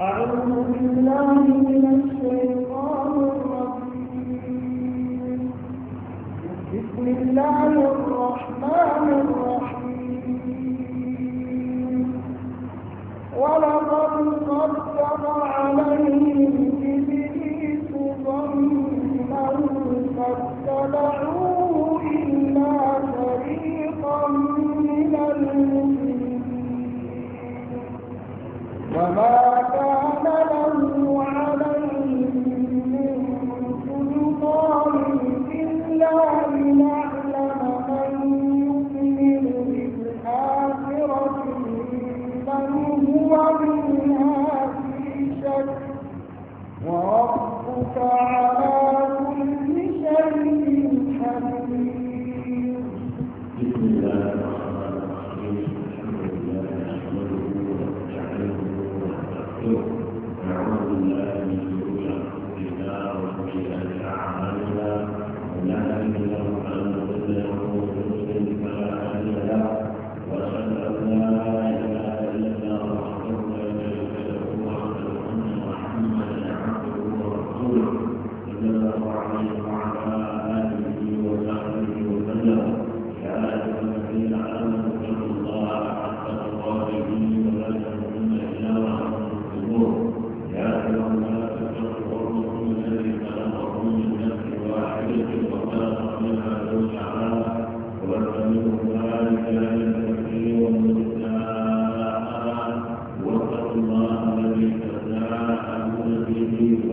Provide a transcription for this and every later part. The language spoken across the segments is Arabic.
أعوذ بالله من الشيطان الرجيم بسم الله الرحمن الرحيم ولقد صدق عليهم إبليس ظنه فاتبعوه إلا فريقا من المؤمنين وما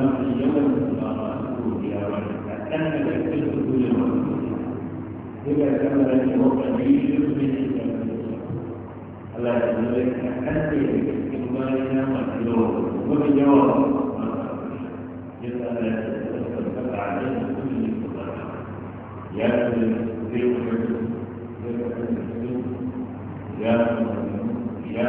أنه اليوم أخذته إلى وجهك أنك تكتب كل مرة إذا كان لك قليل من الله يجزيك أنت كما ينام اليوم وبالجواب يسأل عليه كل يا يا يا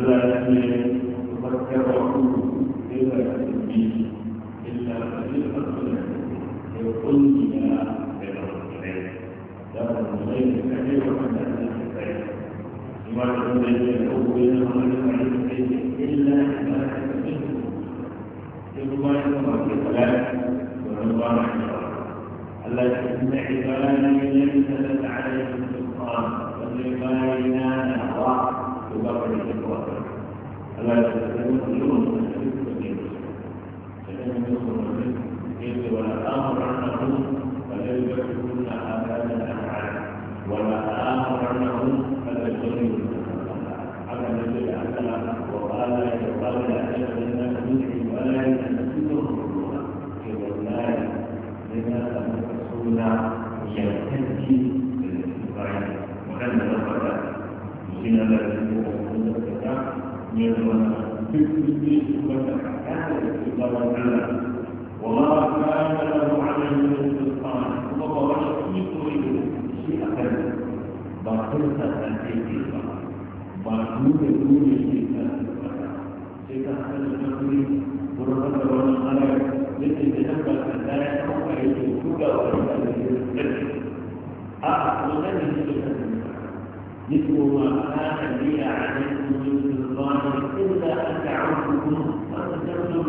ألا أن تذكرهم إلا تسبيه إلا فريقا يقول بما بين الرجلين لكن الليل كثير من أهل الكتاب وما تكون يدعو بينهم إلا أن تسبيه ثم يقوم بثلاث ورضوان عشرة التي إن عبادي ليس لك عليهم سلطان فلما ينال الله ba ba ba Thank you. مثل ما كان لي عليكم من سلطان إلا أن دعوتكم فاستجبتم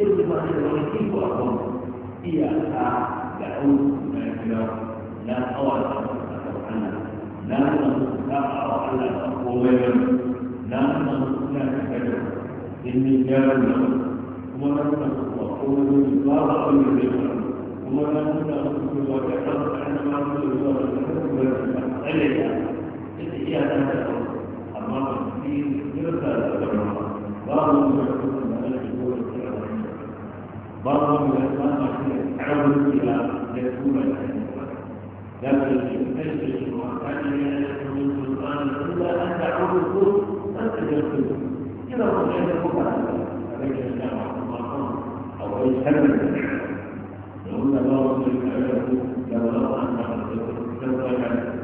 إلا فاستجبتم وأقوم هي دعوت ما لا أول لا نقول لا أرى على أقوالهم لا نقول لا نكذب إني جارم وما نقول وقول الله أمر بهم وما نقول وكفرت عن ما نقول وكفرت عن ما نقول هي أنا أما في كذا بعضهم يقول أن الجبور بعضهم يقول أن عبد إلى يكون لكن تجد المعتدل من سلطان إلا أن تعبده أنت تجد إذا رجعت فقط عليك أو أي سبب يقول الله سبحانه لو لو أن تقدر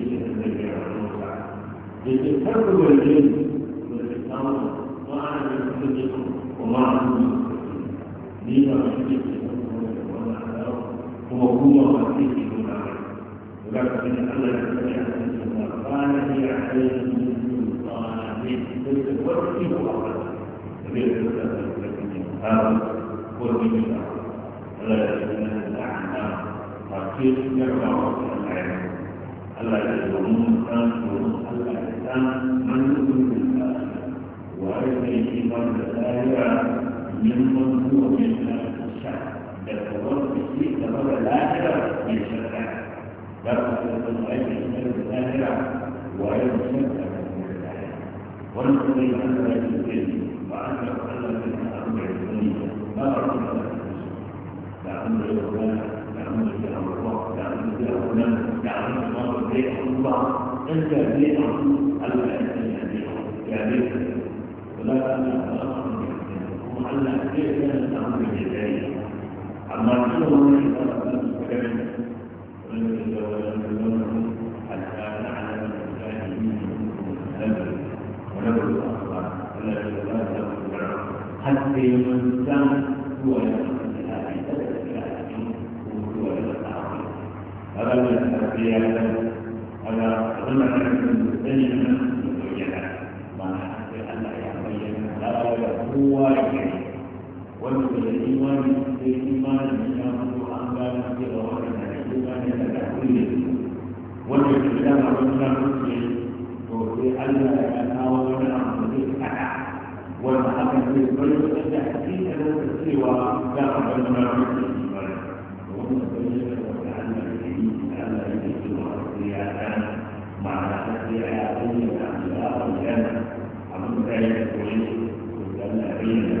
للحب والجن والإسلام وعن الحج ومع لما هو هو وحيده ولكن أن الأشياء قال هي عليه من سلطان ليس وحده أبدا غير هذا هو المثال الذي لعنه تقييم يرفع العلم الله يعلمون كانوا الله يعلم من يؤمن بالله وأيضا الإيمان بالآخرة ممن هو من أهل الشر يتوقف في تمر الآخرة من شرك لقد كنتم أيضا شرك الآخرة وأيضا شرك والذي أنزل بالكلمة وأنزل الله بالأمر الدنيا ما رحمه لعمر الله تعمل فيها مرات تعمل فيها فلان تعمل مرة ليه الله أنت ليه ألا أنت يعني ولا تعمل وعلى كيف كانت تعمل الجزائر عما تقول من حتى نعلم ونبلغ الأخبار التي لا تبلغ حتى من كان هو يعلم زيادة ولا ظلم سلما مبينا معنى أن يبين لا هو يبين والإيمان بالإيمان من يمر عن ذلك في ظواهر الإيمان تتكلم والإسلام عندنا مسلم وفي ألا يتناول عن طريق والمحاكم في البلد تحقيق سوى لا قبل من في حياتهم وفي الآخرة الجنة عن ذلك كله كنا بين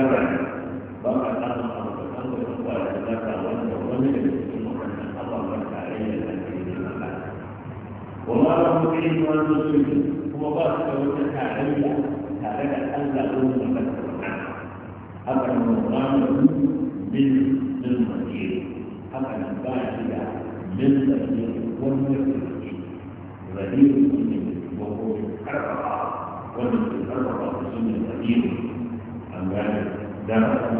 ذرة بقى الأرض أرض الأرض وقال ذكر وأنت ومن وما له علم ولا مسلم هو باطل وجهك عليا هذا ألا أظن لك أبا المغامر من المدير أبا الباحث من المدير والمدير بديل وهو حرقها ومن حرقها في سن البديل أمبارح دعوة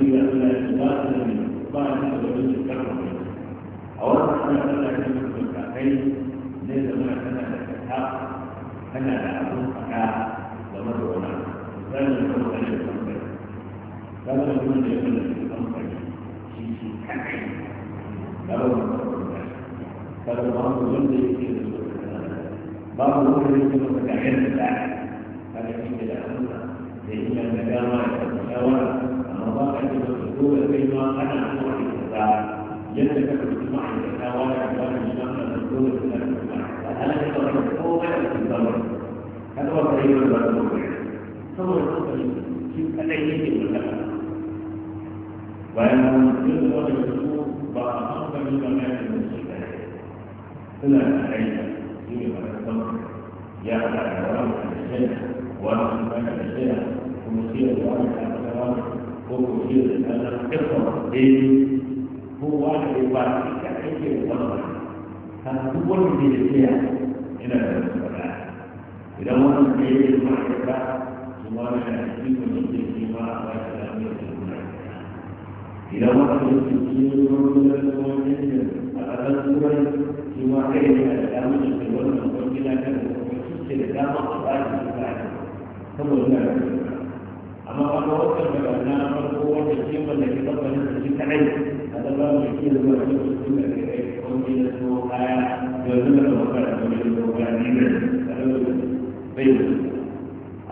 إلى الإبادة من بعض الوجود الكرم أولا أنا أقول لك أن المتقين ليس هناك أنا لك حق أنا لا أكون حقا لما تقول مثال يقول أنا الخمسة هذا يقول أن يقول لك الخمسة شيء شيء حقي لا أقول لك هذا بعض الوجود يقول بعض الوجود يقول لك أن هذا شيء لا أقول لك إلا التجامع والتجاور الموضوع الذي تقول فيما أنا أقول التجاور يدك الاجتماع التجاور أموال الجماعة تقول فهل تتصرفون التجاور هذا هو طريق الموضوع ثم يقول كيف أنا يجي ولا لا وأنا كل وجه الأمور بأخذ من مكان المسلمين إلا أن أعيش فيما يا أهل الشيخ وانا كنت اشتريها ومصير وانا كنت هو مصير انا اقرا دين هو واحد يبقى كأي وضع هذا هو اللي يشتريها الى الصلاه اذا وانا في المعرفه وانا اكيد من الاجتماع والكلام إلى وقت التسجيل من المؤمنين فقد سورة سوى غير الأمر في الوزن وكلا كان وكسر الأمر بعد saboda suna da amma a ga wakar da ba na farko wanda ke wanda ke tabbatar da shi kadai a da ba mu ke zuwa da su sun da kai kwanci da su kaya da su da kuma kara da su da kuma ni da kada da bai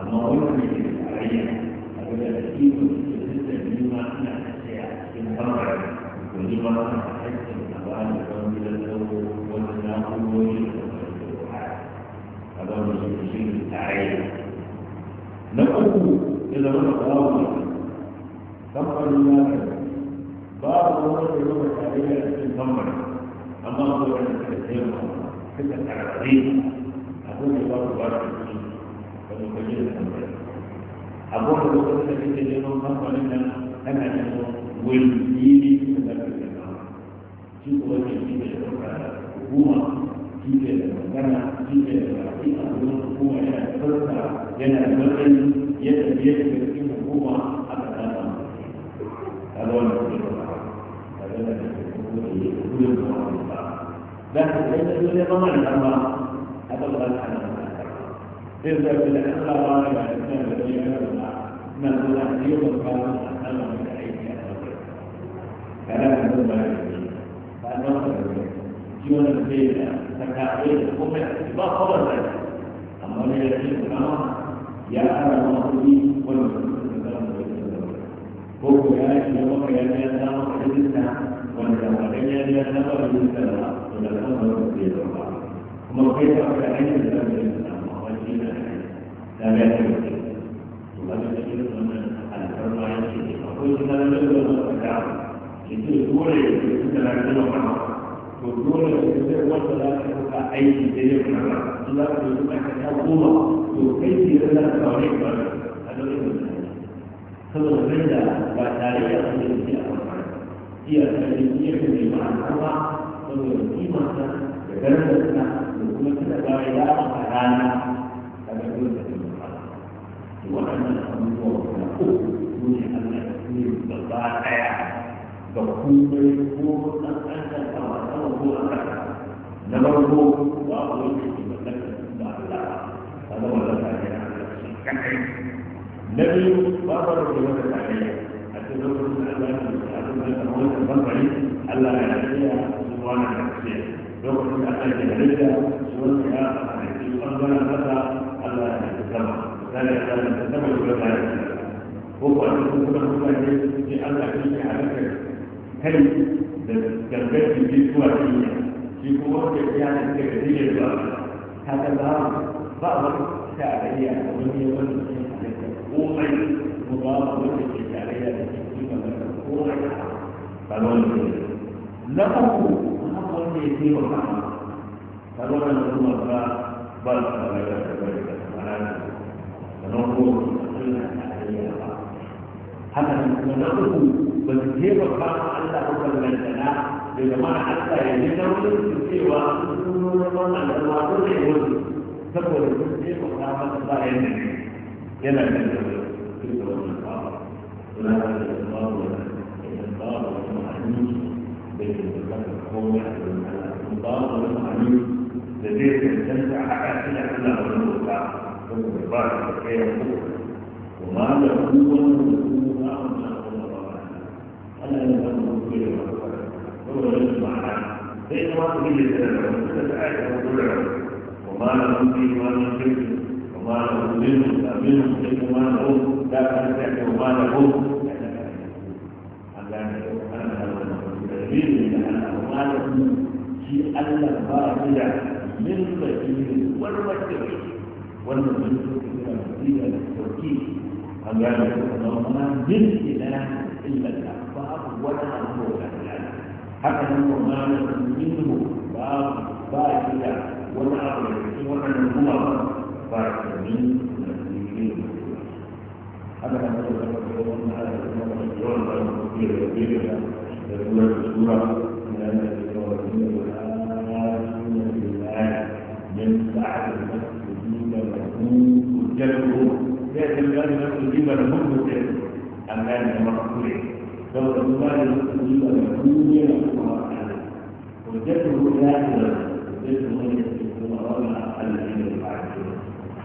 amma wannan ne ke a rayuwa a ga da shi rema suka tsararre abin da babu ba da kuɗi da mukaji da tambayi abin da lokacin kake neman kamfanin nan ana neman wani da za ka nema shi kuwa ke shi ne da ɗauka hukuma shi ne da magana shi ne da rafi a wurin hukuma yana da farsa yana da matsayi yadda a wannan kuma لكن ليس الدنيا طمع الأمر هذا الله سبحانه وتعالى إذا بالأمر إلى الإنسان الذي يمنع من الله يوم القيامة أمر من أيدي كلام من الله فأنا جون الدين تكاعيد قمع ما خبر ذلك أما لا يجب الأمر يا أنا المصري والمسلمين هو يا أخي يا أخي يا أخي wanda a kan ya biya na ba da da ba to da kan ba ku ke da ba kuma kai ba ka hanyar da zaka yi da amma wani na da ya ce to ba da shi wannan alfarma ya ce akwai shi na da da ba ka yace dole ya ce da na da ba to dole ya ce wanda za ka ka aiki da ya fara in za ka yi ka ta goma to kai ne da za ka ba ne ba a lokacin saboda bai da ba tare da ya ce dia dia penerimaan Allah memiliki masa berdasarkan hukum sebagai dalam karena ada dua kesempatan. Dua anak semua aku punya anak ini berbahaya. Berkumpul pun akan sama sama bukan. Nama aku bahawa ini berkata Allah. Kalau Allah saya akan Nabi bahawa dia berkata Allah ya tafiya su wani da tafiya lokacin da aka yi halitta su wani ya halitta su ɓangaren kasa Allah ya tafi sama kada ya zama da sama da wata ya tafi ko ko a cikin kuma mutane ne Allah ya yi halitta kai da gangar jiki zuwa duniya shi kuma wanda ya halitta da duniya zuwa haka za ba wani tarayya da wani yawan da ke halitta komai mu ba wani da ke tarayya da ke له حق التيسير والرحمة فلولا نقول ما بل فلك فلك فنقول حتى نقول بالتيسير والرحمة ألا أقل من لنا لجماعة حتى يجدوا التيسير والرحمة على الواقع يقول تقول التيسير والرحمة لا يمكن يلا يلا يلا هناك الإقرار والإقرار والمعنيش بالإقرار هو الإقرار والمعنيش لديه الإنسان حاجة كده كلها ولو بتاع بعض الحكاية وما له هو أنا أنا هو يسمع زي ما تقول لي وما لهم فيه ولا شرك وما لهم منهم منهم شرك وما لهم لا تنفع وما لهم كبير أعمالهم في ألا فاضلة من كثير والمكتب والمكتب في كثيرا التوكيد قال وما من إله إلا الأخبار ولا أمور حتى أنه ما منه باب فاضلة ولا أمور ولا أمور فاضلة هذا كان هذا سورة سورة من أن الكافرين يحاجون في الله من بعد المسجدين لهم حجتهم يأتي الآن المسجدين لهم حجتهم أما أن مقتولين لو أن المسجدين لهم يلقوا حجته لا تلقى حجته هي الأمراء الذين يفعلون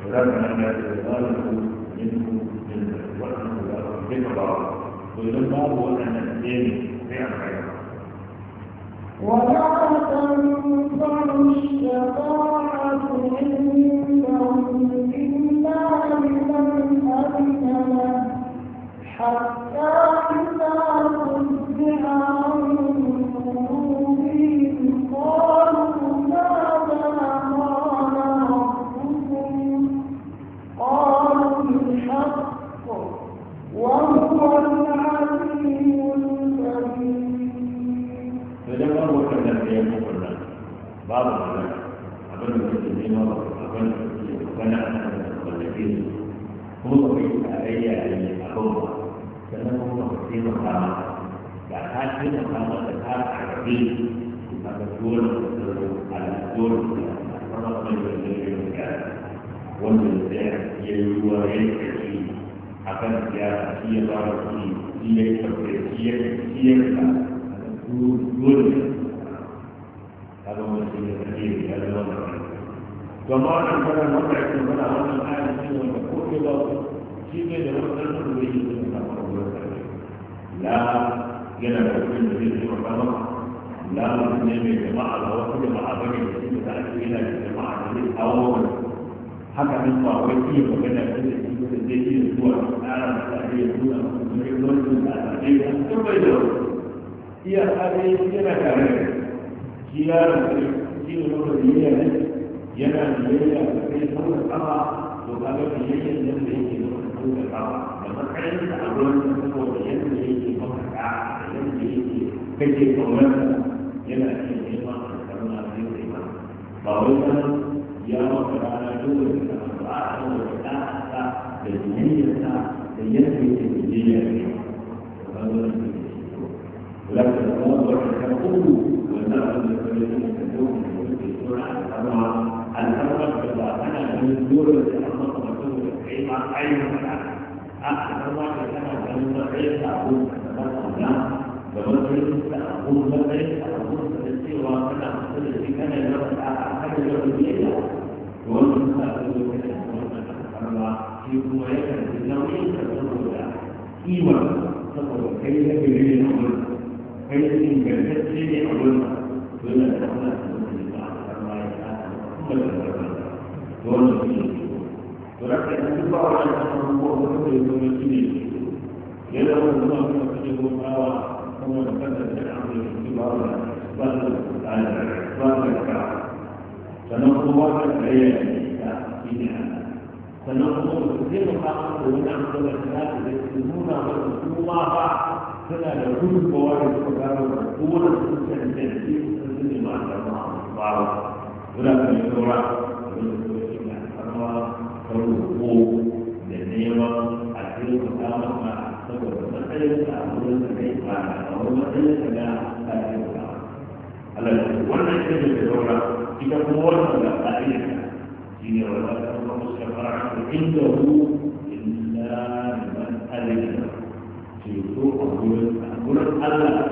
ولكن أن يتغالب منه من وحده لا ربك الله ويقول الله أن الدين sai arba'in ولا تنفع الشفاعة عندهم إلا لمن أذن له حتى إذا فزع عن قلوبهم قالوا ماذا قال ربكم قالوا الحق وهو العليم kan wakar da ya yi wakar da babu magana abin da suke nema ba abin da suke magana a kan da mallake su kuma ba kai tarayya da ne a kan ba sannan kuma ba kai makama da ta kai makama da ta karbe a ga dole da tsaro a ga dole da kuma ba kai da zai yi wanda da ya yi ruwa ya yi karfi a kan ya shi ya ba da kuɗi shi ya yi karfe shi ya yi karfe dole هذا هو الشيء الكثير هذا هو ومعنى هذا الوضع كما هذا الآن شيء مفهوم إلى شيء غير مفهوم به لا يلا مفهوم به في مقام لا مفهوم به جماعة أو كل ما أبغي الشيء تأتي إلى جماعة أو حتى من قوتي وكذا كل شيء الذي هو أعلم تأتي هنا من غير ذلك ثم يدور هي هذه كما كانت خلال كثير من الدنيا ينا بيجا في كل الأرض وقالوا بيجا لم يجي كل الأرض لما كان أقول هو لم يجي كل الأرض لم يجي كي يقولنا ينا في ما كنا في ما قولنا يا رب العالمين الأرض والأرض للدنيا ليسمي الدنيا وهذا لكن الموضوع يقول والناس يقولون يقولون طبعا الأول أنا من دور الأمر مكتوب العلم أيضا أحد الله كما كان العلم أقول لا لما كنت أقول لا أقول فلسي وأنا أقول في كان يرد أحد يرد إليه وأنا أقول كذا وأنا أقول في هو يكن في فيكون جلسة سيدي علومة ولا تقنع ولكن يجب على أن الله يكون مسلمين يلا الله يكون ثم نفذت الأمر اعتبارا بل على فنقوم بالعيادة فيها فنقوم بكثير من حقوق ونعم الثلاث يسلمون الله suna da gudunmawa da suka gano da kowane sun cancanci sun ne masu bawa suna kan saura da su ne na kama karnuko da neman a cikin kama ma saboda matsayin a wurin da kai ba a wani matsayin da na tsarin da Allah ya wannan shi ne da saura ita kuma wannan da tsarin da shi ne wannan da kuma shafara da inda hu illa man alim gurin Allah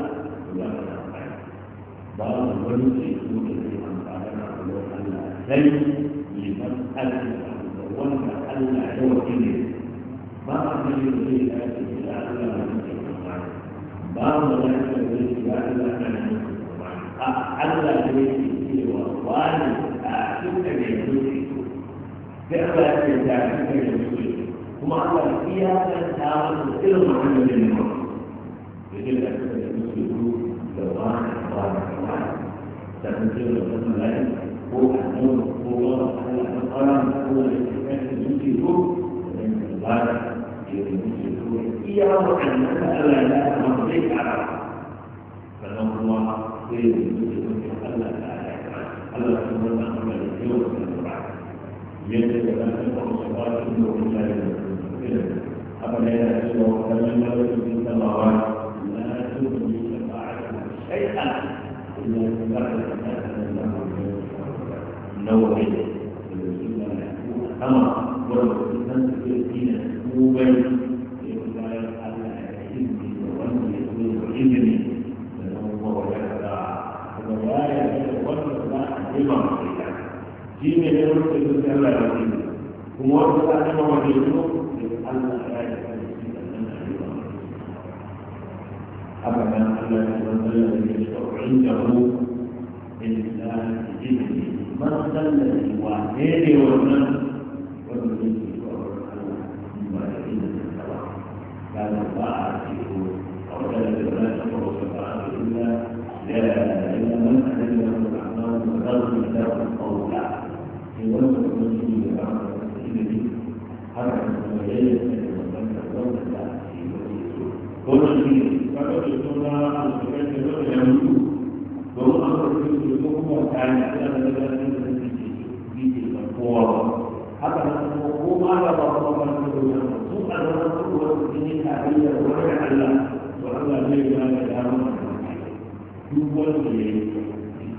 ba ba wani ce ko da zai amfani da gurin Allah sai liman Allah da wanda Allah ya wuce ne ba a gani da zai dace da Allah na nufin amfani ba mu da zai dace da Allah na nufin amfani a Allah ne ke cewa wani a cikin da ya wuce sai Allah ya ce da cikin da ya wuce kuma Allah iya kan ta wani ilmin da ya wuce إلا كنت المسلمون لوان وان وان تنزل لهم العلم هو النور هو الله تعالى القرآن هو الاتفاق المسلمون من الله للمسلمون يروا أن المسألة لا تنطبق على فلهم الله خير المسلمون الله تعالى الله سبحانه وتعالى يوم القرآن يجب أن تكون صلاة النور إلى المسلمين أفلا يأتي وكلمة في السماوات تغني شفاعته شيئا إلا الله daidai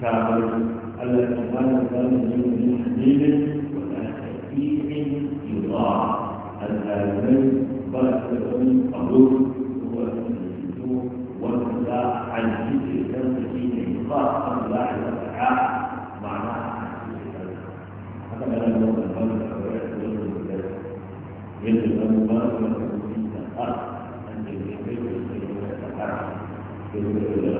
كعبل التي لا من حديد يضاع الآلمين بل قبول هو السجود والبداع عن ذكر الشمس حين يقاس الله وتعالى معناها عن لا يمكن أن يجب أن نبادر في الأرض يجب أن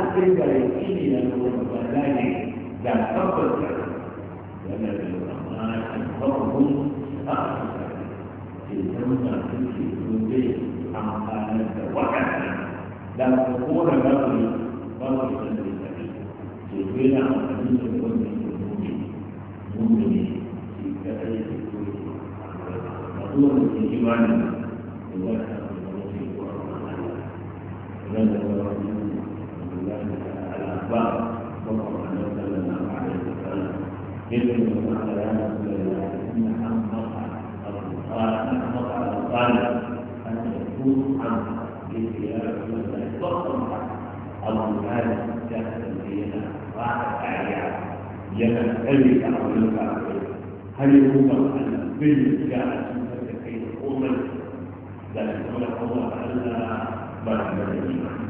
sai da yakini na nuna bayani da tabbata yana da tsammanin farkon a ke zama suke zobe amfanar da waɗannan da su kora da su ba su san da ya ke zobe na amfani da wannan da mummi mummi ne shi kaɗai ke zobe a kowane ke imanin da wata da wata ke kowa da wata da wata ذلك الأخبار صلى الله عليه وسلم يدعو الله يا رسول الله إن عن مقعد الطالب أن يكون عن زيارة الله وقطع أو هذا كانت الزيارة بعد أعياد يمن أبي أو يلقى هل يمكن أن بالجاء كيف أمر ذلك الله تعالى بعد ذلك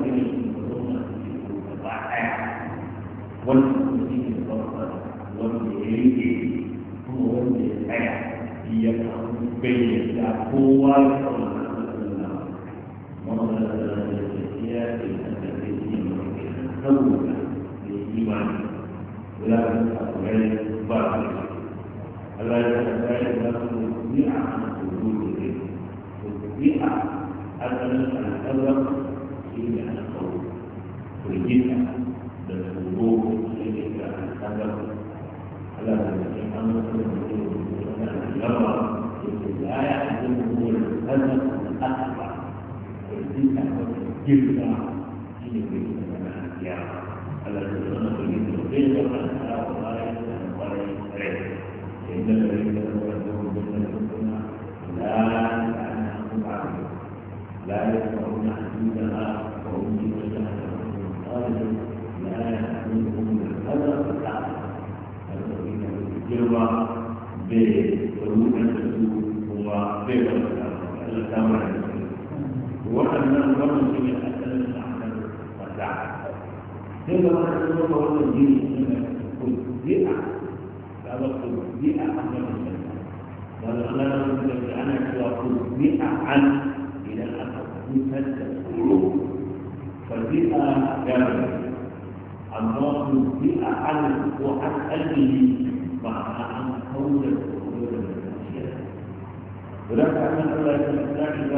بين القوة مرة الأشياء التي تكون للإيمان ولا تقبل باطل ألا يتبين لكم تطبيع عن وجوده تطبيع أن الأمر إلى القول والجنة فالبيئة عنه إلى أن أكون فالبيئة الله البيئة عنه وعن قلبه مع أن كون القلوب ولكن أن الله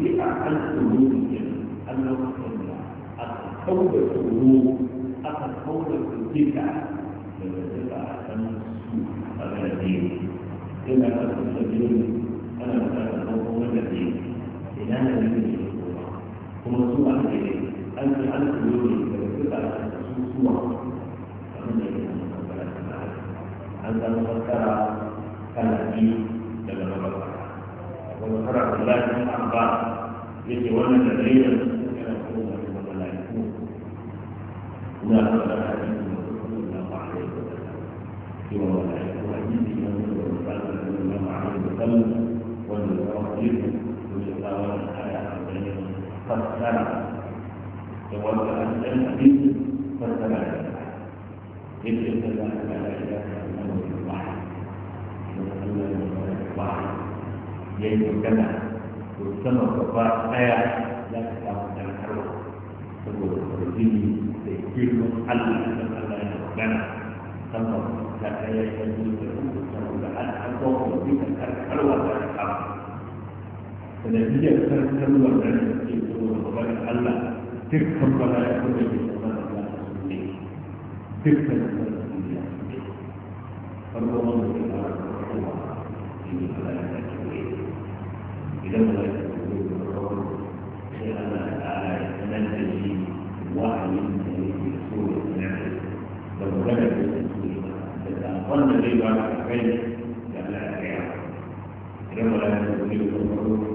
يتحدث قلوب أنه كون القلوب أخذ كون البدع من البدع أن السوء أبدا إلى أن تستجيب suna bukatar ɗauko wanda ke ina da ne ke kuma su a ke an ce an su yau ne daga duka da su suwa abin da ke na an samu makara kala biyu daga mabakara wani kara kula da abba yake wannan da laifin yana kuma da mala'iku na kasa da hadisi masu kuma na ba'a da yau da ta yi wa mala'iku hadisi na wani da wani ba da wani na ba'a da wanda ya kawo jirgin ko ya kawo da kaya a wajen fassara da wanda an ɗan abinci fassara da yadda ya kaza a kaya ya kawo wani ba da kuma wani ba ya yi magana to sama gaba ɗaya za ka samu dankarwa saboda kwarjini da girman Allah da Allah ya magana sama da ɗaya ya yi da kuma da Allah an kawo wani karkarwa da sanadiyar karantarwar da ne ke zuwa gaban Allah dukkan bala ya kuma ke kuma da Allah su ne dukkan bala su ne farko wanda ke fara kuma shi ne bala ya ta kewaye idan bala ya ta kewaye da kawar sai Allah ya tsara ya sanar da shi wa'ayin da yake so ya sanar da magana da ya so ya da saƙon da zai ba ka kai da Allah ya kai idan bala ya ta kewaye da kawar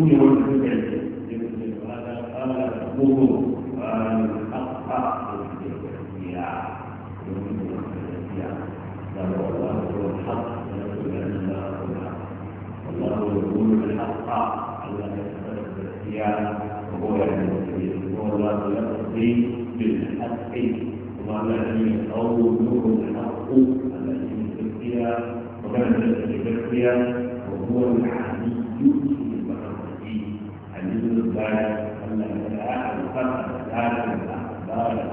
دون وجود العلم وهذا قال الحقوق قال الحق حق الجميع قال والله هو الحق ونقول ان الله هو الحق والله يقول الحق الا يتبدل الاختيار وهو يعلم السبيل والله يقضي بالحق وقال الذين قوموا الحق الذي في القيام وكان وهو الحديث ذلك أن الإنسان قد ذلك الأخبار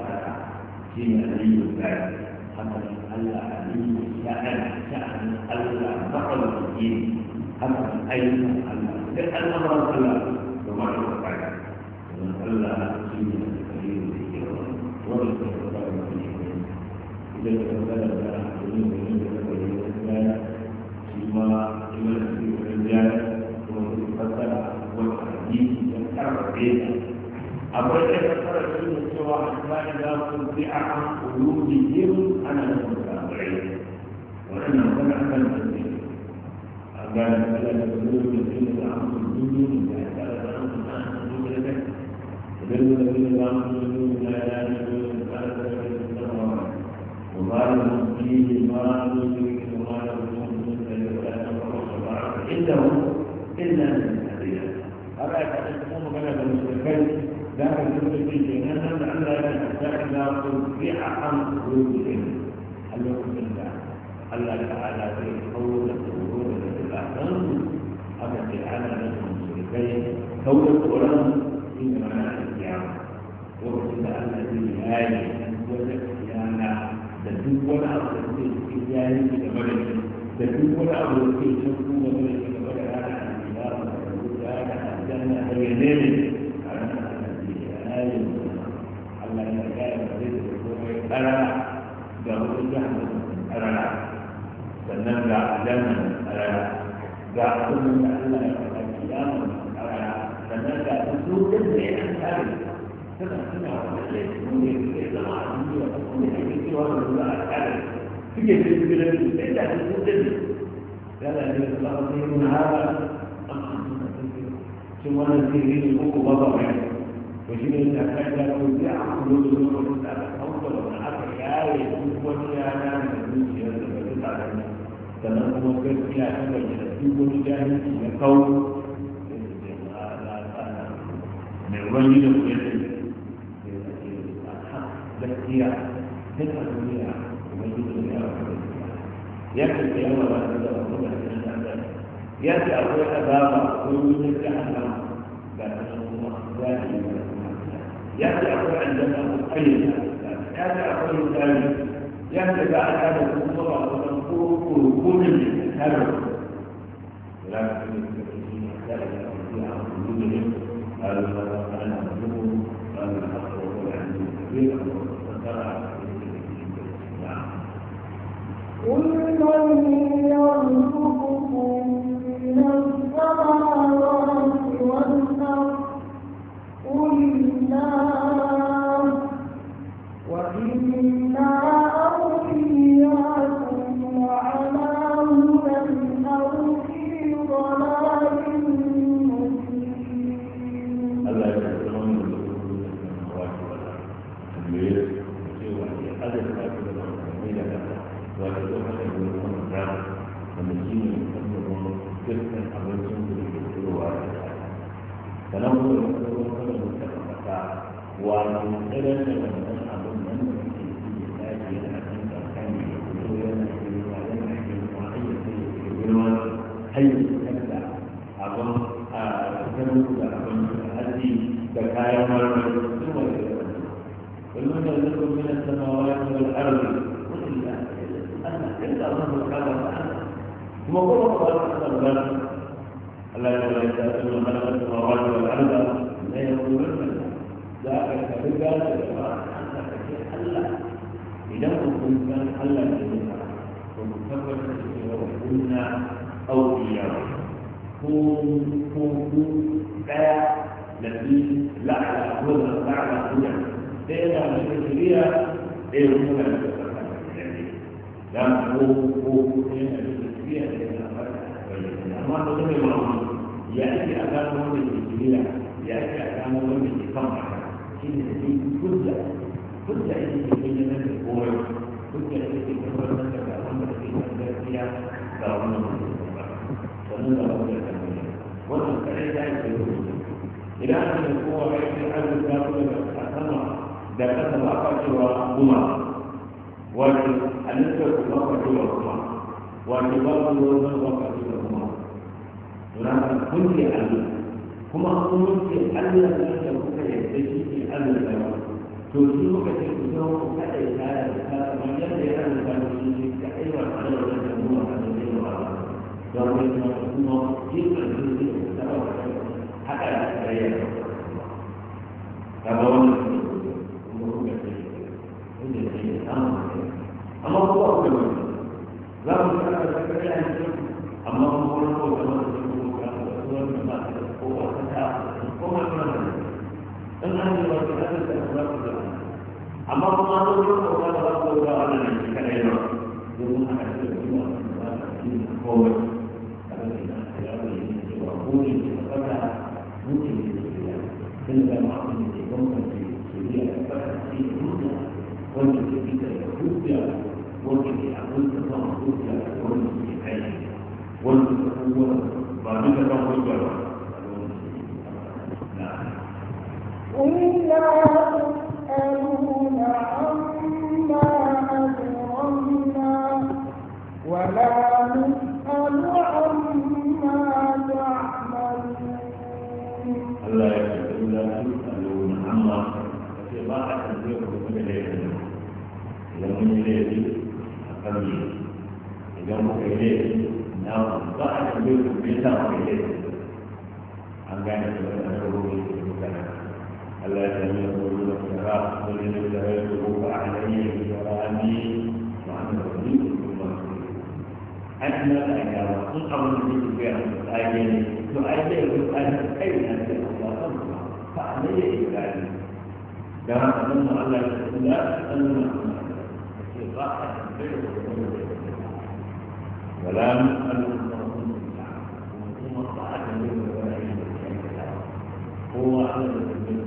في علي ذلك حتى ألا علي شأن شأن ألا بطل الدين حتى أيضا ألا الأمر ألا وما هو ذلك ألا في الكريم ذكر ورد الكريم إذا تبدل ذلك وإذا ذكر العلم سوى أسماء لا تنزع عن أنا المتابعين وأنا من أمل منزل أما فلا تقولوا الذين زعمتم منهم إذا سألت عنهم أن تقولوا لك تدلوا الذين زعمتم منهم لا يعلمون سألت عنهم السماوات وما لهم فيه ما يدرك وما لهم من سيئات وما إنهم إلا من هدينا أرأيت أن تكونوا بلدا مستقبلا ذاك الجزء في جهنم ألا في ترجع عن خروجهم اليوم بالله الله تعالى في قول الظهور للأحكام أما جعل لكم المشركين قول القرآن في معنى القيامة وقل الذي لا ينزل قيامة تدوب ولا أرسل في ذلك كمدد تدوب ولا في شكو ومدد كمدد هذا الإله الجنة هي أرنا جاء وقت جهنم أرنا سنن جاء جنن أرنا جاء كل أهل القيامة أرنا سنن جاء سوء الزين أرنا سنة سنة وقت ممكن تجمع عندي وتكون حكيتي وأنا أرنا في جسد بلد إلا سوء الزين لا يستطيعون هذا ثم نسيره بضعه وشيء تحتاج كل عقل وصول تحصل العقل يعي وجهنا من وجهنا تعلم تمام وجهنا في وجهنا في قول من رجل وجهنا gaskiya duk a duniya kuma yi duniya a kuma ya kace yawa ba ta da kuma da shi da ya ce akwai azaba ko yi ta Allah ga ta kuma ya ce يبدأ عندنا مقيد هذا أقول ثاني يبدأ بعد هذا الصورة وتنقول كل هذا ولكن المسلمين يحتاج إلى توزيع قل من يرزقكم من السماوات viva ومن قبل من أبو من حيث تبدا اظن تكمل اظن تؤدي زكايا مرمى ثم والمنى لكم من السماوات والارض قل الله انا كنت اظن القدر ثم قل الله اكبر الله لا يزال خلق السماوات والارض لا يقولن الله ذاك كبيرا تبارك أنت الله إذا كنت كان الله كبيرا ومثبت وكنا أولياء كون كون لا الذي لا على هدى لا على هدى إلا من كبيرة إلا من لا هو هو كنا كبيرة ما تقول يا أخي أنا مؤمن بالله يا أخي أنا مؤمن بالله إلى الذي كل كل الذي يجب أن يكون كل الذي يكون لك فأهم الذي تنزل فأهم الذي ومن فعل ذلك يقول إلى أن القوة بين أهل الكافر والحكمة دخلت الأقل والقمر والنسبة الأقل والقمر والنظام الأقل والقمر هناك كل أهل kuma an muke allah ne da kuka yarda shi ne allah da ba to shi muka ce ku zo ku kada ya tara da ta kamar yadda ya rana ta shi ne ka kai ba tare da wani damuwa a da zai ba ba don wani ma kuma yin ƙarfi ne da ta ba haka da ta yi ta ba wani ne kuma kuka ce inda ta yi samun amma kuma kuka wani za mu tsara da ta kai amma kuma wani kuma ta wani kuma kuka الدول ما أخذ القوة فتأخذ القوة كمان إن هذه الوقت هذا الأسباب كلها أما الله نقول وقال رب الله على نبي كلمة يقول أنا أحسن القوة أحسن القوة التي أخذها وأقول فقدها ممكن تلك ما أقول لكم في سوريا فقد في المدة والذين ابتليته فعلي بكرامي وانا بريء مما أجمل أيام تطعم الذي في الآيين تؤدي أن أين أنت الله فعلي بكرامي كما أن الله لا أن ولا نسأل الله هو أعلم بالله هو أعلم بالله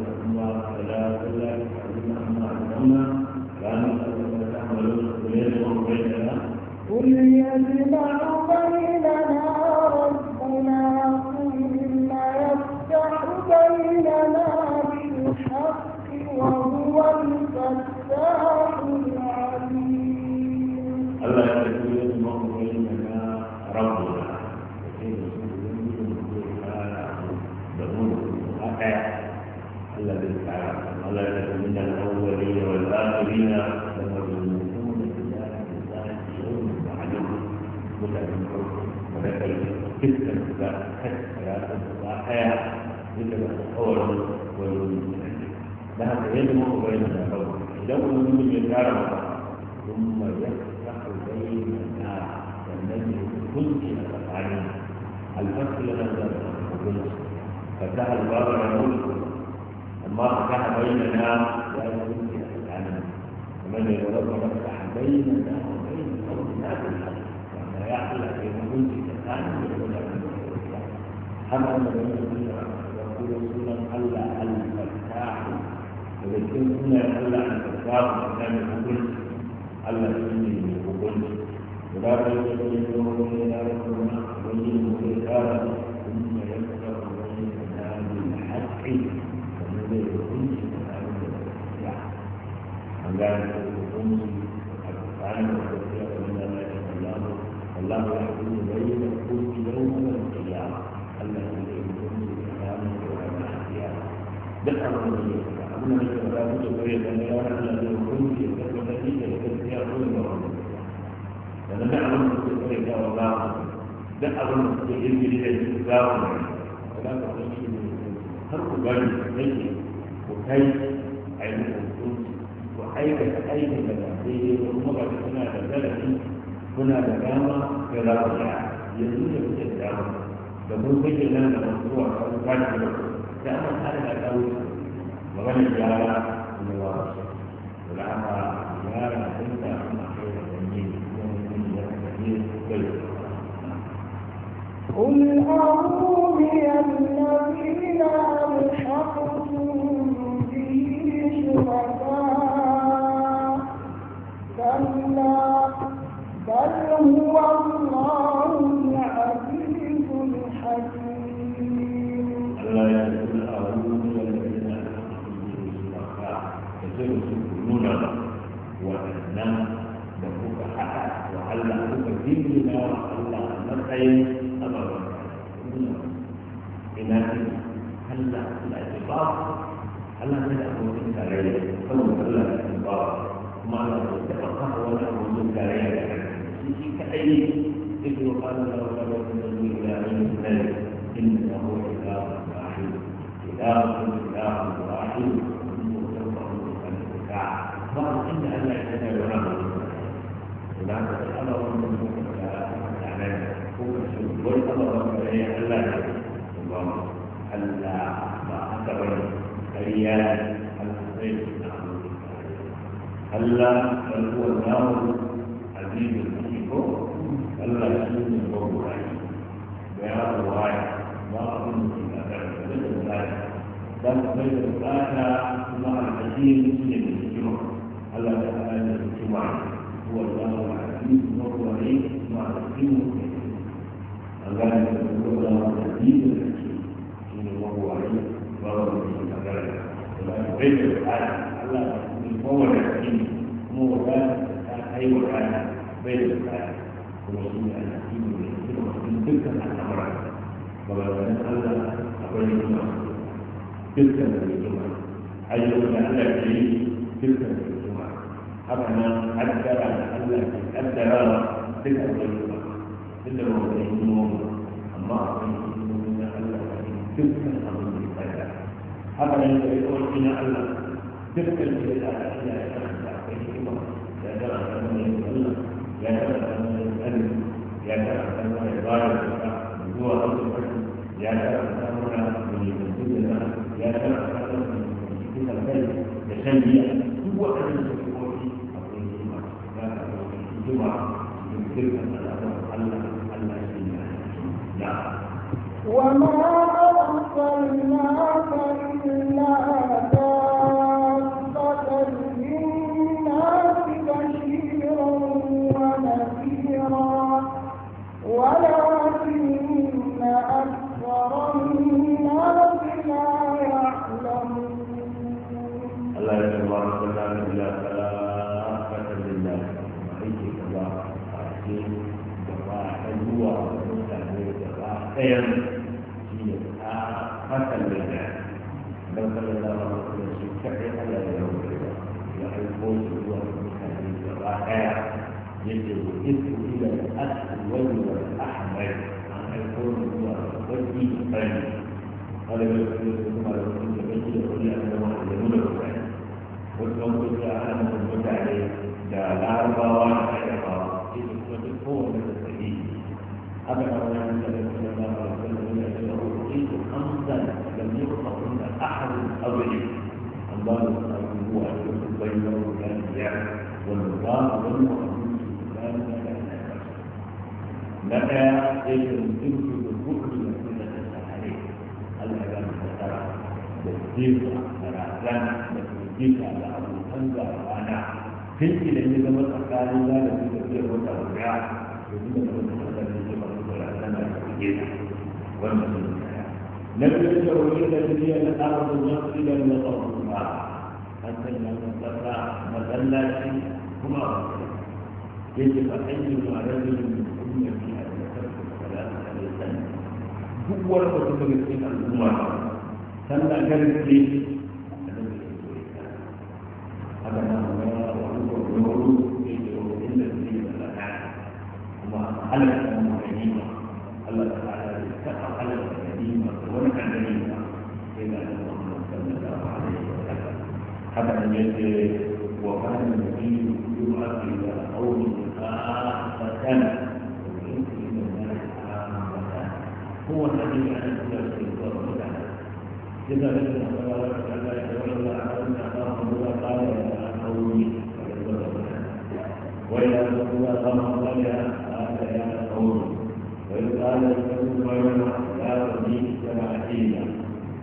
za a kaskara da ba haya duka da alkawarin wani mutane da haka yadda muka bayyana da kawo idan wani mutum ya tsara ba sun mai ya saka bayyana na sannan ya hukunci a tsakanin alfasu ya nan da hukunci فتح الباب الملك الله فتح بيننا لا يمكن ان يعلم ومن يتوفى فتح بيننا وبين قوم لا بالحق وما يعقل في ملك الان يقول أما النبي يقول سنة ألا الفتاح إذا كنت سنة ألا الفتاح كان يقول ألا سنة يقول ولا يقول يقول لا يقول ويقول الإشارة ثم يكثر بين كلام الحق فماذا يقول كلام الفتاح ولا يقول الفتاح ولا يقول الله يحكم بينكم بالأمر الذي أقول لك لا تجبري أن يرى أن الكل يكتب نتيجة لتسمية كل مرة لأن نعلم تجبري لا والله نعلم تجبري لا والله ولا تجبري ترك بالي لي وكي علم وحيث أي مدافعين والمرة هنا بلدي هنا بكامة في رابعة لكن كيف لنا موضوع الكاتب دائما أنا الأول ومن الجارة من الوارث والعمى جارة أنت أن خير التنين ومن لك كثير طيب. قل أعوذ به شركاء كلا بل هو الله nan da kuka haɗa wa Allah kuka jingina wa Allah a matsayin ababen ina ne Allah Allah ya ba Allah ne da abokin tarayya saboda Allah ya ba kuma Allah ya taɓa kafa wani abokin tarayya da shi kaɗai ne إذ وقال له ربك الذي لا يملك إنه إله واحد إله إله واحد ومنه تنفع النفع فقد إن أن بعد الأمر من الأعمال هو الشروط والأمر من بني ألا الله ألا أكبر الريال الحسين ألا بل هو النار عزيز المشرك ألا يكون القوم عليه بيان الغاية ما أظن في الأثر بل الغاية بل بين الغاية الله الحكيم من الجمعة ألا تعالى الجمعة هو الله حديث مرفوع عليه معرفين مختلفين أغاني الله حديث الحكيم إن مرفوع عليه مرفوع به أغاني ولا تبين الحال الله مرفوع الحكيم مرفوع أي وكان بين الحال ومسؤول عن الحكيم من تلك الأمران ولا نسأل أقول لكم تلك الأمران أي وكان تلك الأمران حرم حتى ان حلت الدهر في الاول في الاول الله يقول ان الله تلك الامر الفتى حتى ان يقول ان الله تلك الامر الفتى لا يخدع به الله لا ترى ان لا يتكلم لا ترى ان لا يتكلم لا ترى ان لا يضارب الحق هو رب الحكم لا ترى ان لا zuwa dukkan al'adar Allah Allah shi ne ɗayan shi ne a hakan da ya don kada da ba su da shi kaɗai ala da yau da ya ya aiko su zuwa da mutane gaba ɗaya yake da isu ila da asu wani wa ahmad an aiko su zuwa da wani tsari kada da su da kuma da su da kake da wani an zama da nuna mutane wasu kan kuka ana da mutane da larabawa da ƙarfawa ita kuma duk kowane da sahihi هذا ما رواه النبي صلى الله عليه وسلم من أنه أعطيت خمسا لم يخطب منها أحد أبدا الله سبحانه هو أن يكون بينه وبين الجهل والمقام والمؤمن سبحانه متى يمكنك بالمؤمن أن تتسلل عليه الأذان ترى بالدين ترى لنا على أبو حمزة وأنا في الكلمة ما تقال لا أن الله لم يذكر إلا هي الأرض مسجدا وطهورا حتى المسلى مسلى هما يجب أي رجل من أمتي أن يترك الصلاة عليه وسلم هو رفض من الأمة سمى كلمة على المؤمنين الله تعالى يتفق على القديم ونحن إلى أن الله صلى الله عليه وسلم حتى أن يجري وكان النبي يؤتي إلى قوم خاصة ويؤتي إلى الناس عامة هو الذي أنزل في القرآن إذا كنت صلوات الله يتولى أن أخاهم إذا قال يا قومي واذا وإلى الله قال يا قومي وإذ قال الرسول بيننا يا بني سمعتينا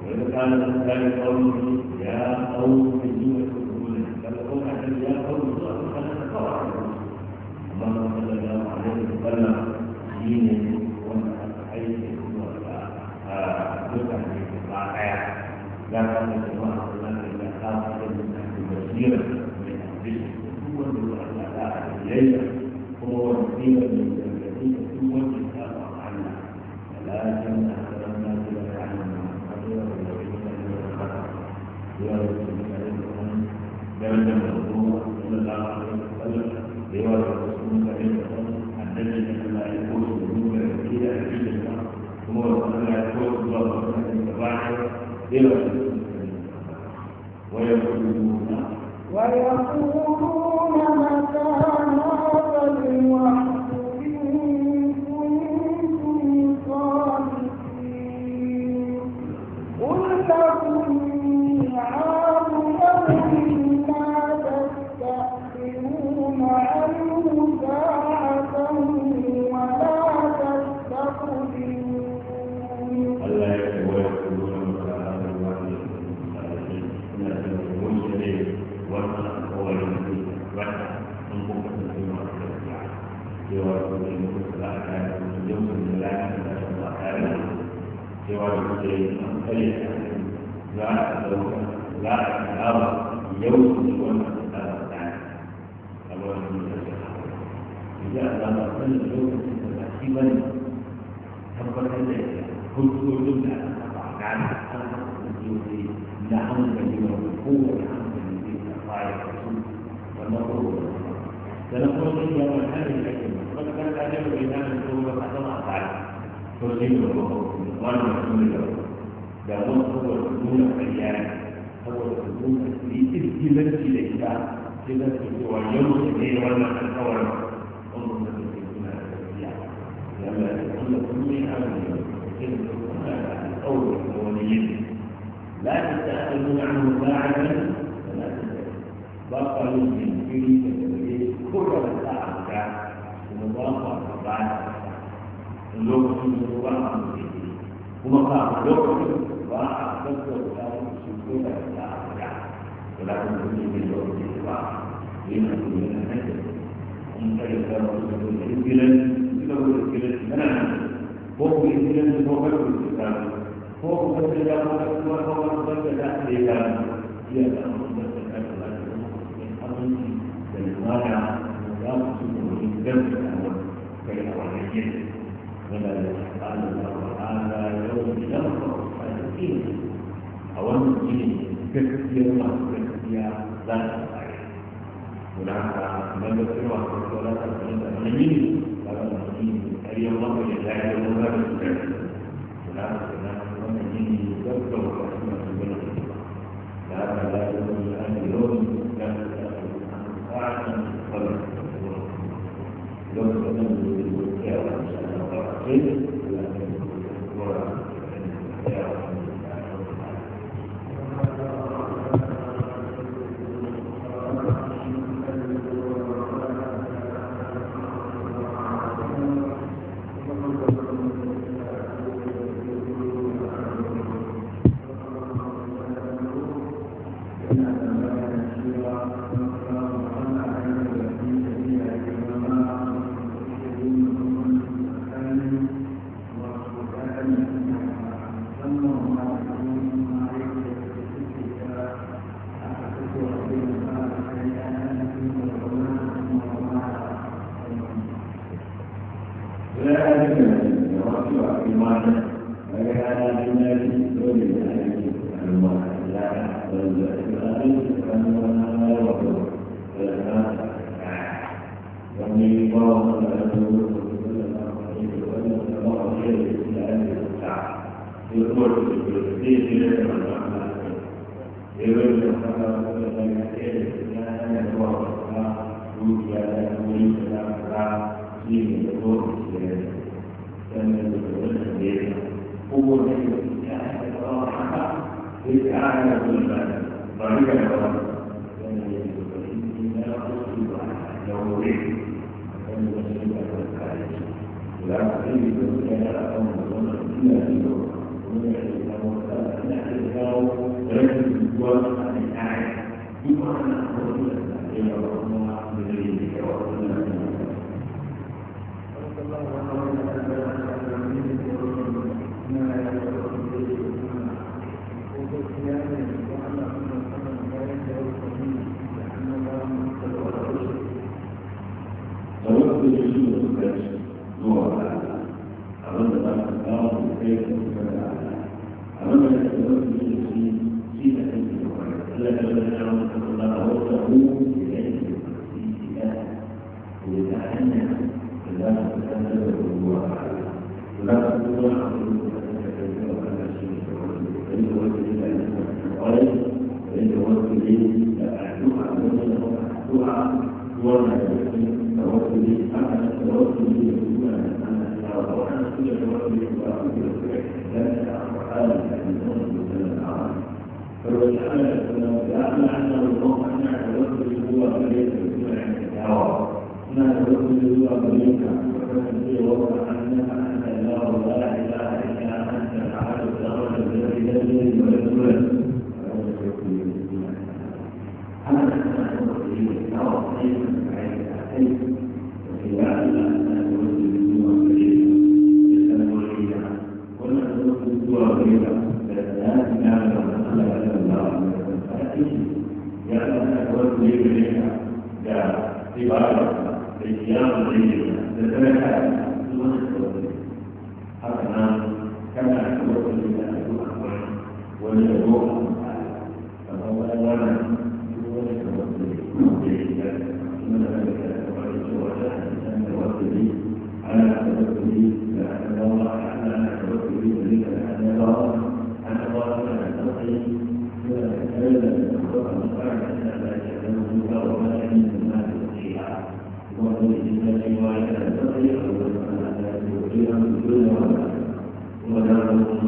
وإذ قال الإنسان لقومه يا قوم بدون سكون فلقوم أحد يا قوم بدون سكون أما صلى الله عليه وسلم ba wannan lokacin da ba shi ba ne tabbatar da hujjojin da aka saba a gane an saba hujjoji na hankali wanda kowane hankali zai saba ya kasu wannan kowane sannan kuma sun yi wani hannun da ke wata kan ta jama bai hannun da kuma ba sama a tsari to shi ne ba wani mutum da da wani kowane nuna ƙarya ne saboda su nuna su yi iskilanci da ita sai za su yi cewa yau ne wannan alkawarin لا تستأخذون عنه ساعة فلا بقى يمكن في تدريس الساعة ومضافة بعد اللغة المضافة ومقام اللغة ولكن كل في اللغة الواحدة أن تجد saboda musulunci yana nan ko ku yi musulunci ko kar ku yi ko ku kasance da ku kuma ko ku kasance da ku yi kanu iya da abubuwan da ka kasa da kuma kusurin aminci da lumana za ku su da wani gan su da wani kai a wannan gefe wanda da tsarin da ku ala yau da lamfa a cikin a wannan gini gaskiyar masu gaskiya za ta tsaya. Kuna haka, kamar da cewa kuma sauran da ya Thank you. shi da suka ci zuwa abin da za ka فلو تعالى فلو تعالى عنه الله أن الرجل هو ملك الهوى أن الرجل هو ملك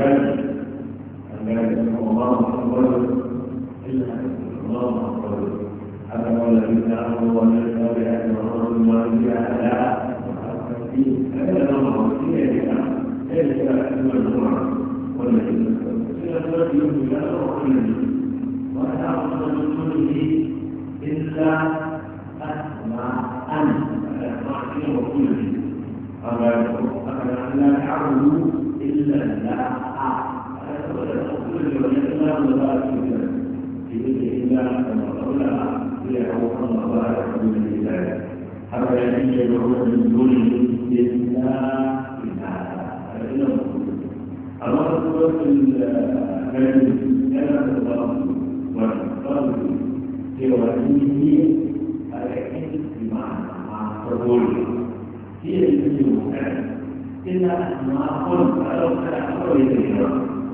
البلد البلد الله أكبر إلا الله أكبر هذا هو الذي نعلم ونشهد بأن رسول الله على هذا الأمر في يدنا ليس أكمل الجمعة ولكن سيرة يمكن أن أقول وأنا أقول من كله إلا أسمع أن أسمع كله وكله أما أن لا تعبدوا إلا لا حتى يأتي الروح من كل إلا إلا الله سبحانه وتعالى أنا الله والفضل في وجهه على حين بمعنى مع قبوله هي التي مكانه إلا أن نقول فلو كان أمر يدينا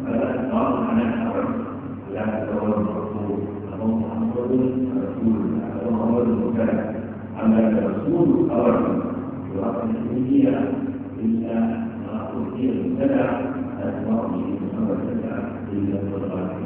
فلا نقول عن الأمر لا تقول الرسول أو محمد رسول أو محمد رسول أما الرسول أمر يؤخذ النية إلا ما أوتي المبتدع أسماء الأمر إلا الصلاة